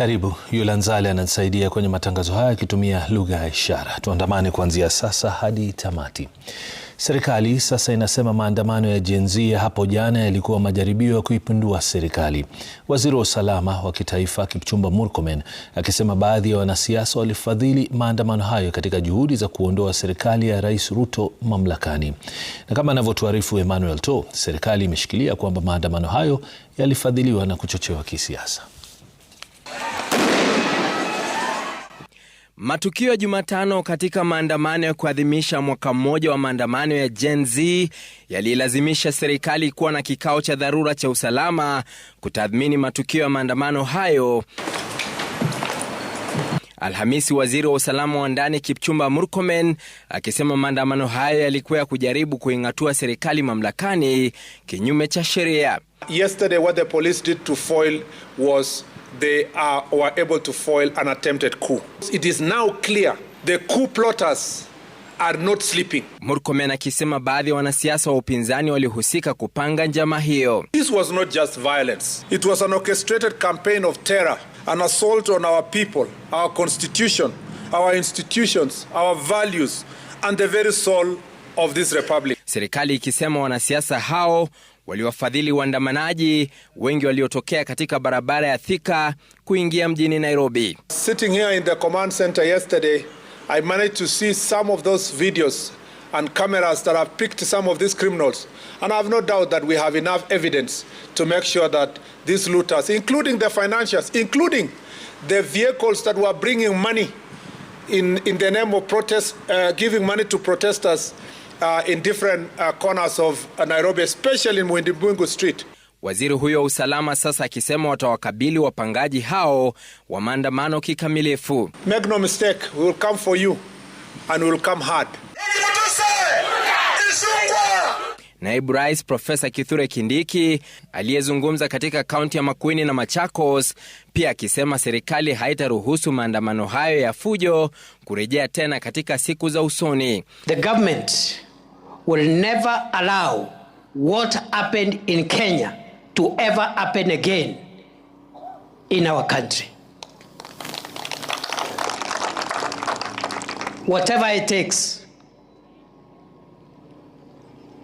Karibu. Yula Nzale ananisaidia kwenye matangazo haya akitumia lugha ya ishara. Tuandamane kuanzia sasa hadi tamati. Serikali sasa inasema maandamano ya Gen Z hapo jana yalikuwa majaribio ya kuipindua serikali. Waziri wa usalama wa kitaifa Kipchumba Murkomen akisema baadhi ya wanasiasa walifadhili maandamano hayo katika juhudi za kuondoa serikali ya Rais Ruto mamlakani. Na kama anavyotuarifu Emmanuel To, serikali imeshikilia kwamba maandamano hayo yalifadhiliwa na kuchochewa kisiasa. Matukio ya Jumatano katika maandamano ya kuadhimisha mwaka mmoja wa maandamano ya Gen Z yalilazimisha serikali kuwa na kikao cha dharura cha usalama kutathmini matukio ya maandamano hayo. Alhamisi, waziri wa usalama wa ndani Kipchumba Murkomen akisema maandamano hayo yalikuwa ya kujaribu kuing'atua serikali mamlakani kinyume cha sheria. Yesterday what the police did to foil was they are or are able to foil an attempted coup. It is now clear the coup plotters are not sleeping. Murkomen akisema baadhi ya wanasiasa wa upinzani walihusika kupanga njama hiyo. This was not just violence. It was an orchestrated campaign of terror, an assault on our people, our constitution, our institutions, our values and the very soul of this republic. Serikali ikisema wanasiasa hao waliwafadhili waandamanaji wengi waliotokea katika barabara ya Thika kuingia mjini Nairobi. Sitting here in the command center yesterday, I managed to see some of those videos and cameras that have picked some of these criminals. And I have no doubt that we have enough evidence to make sure that these looters, including the financiers, including the vehicles that were bringing money in, in the name of protest, uh, giving money to protesters, uh, in different uh, corners of uh, Nairobi, especially in Mwindibungu Street. Waziri huyo wa usalama sasa akisema watawakabili wapangaji hao wa maandamano kikamilifu. Make no mistake, we will come for you and we will come hard. Naibu Rais Profesa Kithure Kindiki aliyezungumza katika kaunti ya Makueni na Machakos pia akisema serikali haitaruhusu maandamano hayo ya fujo kurejea tena katika siku za usoni. The government will never allow what happened in Kenya to ever happen again in our country. Whatever it takes.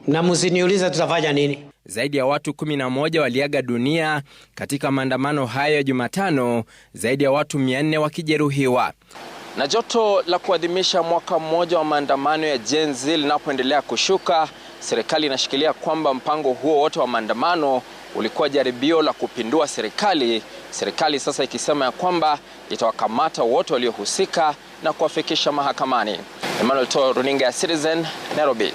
Na msiniulize tutafanya nini. Zaidi ya watu kumi na moja waliaga dunia katika maandamano hayo Jumatano, zaidi ya watu mia wakijeruhiwa. Na joto la kuadhimisha mwaka mmoja wa maandamano ya Gen Z linapoendelea kushuka, serikali inashikilia kwamba mpango huo wote wa maandamano ulikuwa jaribio la kupindua serikali, serikali sasa ikisema ya kwamba itawakamata wote waliohusika na kuwafikisha mahakamani. Emmanuel Toro, runinga ya Citizen, Nairobi.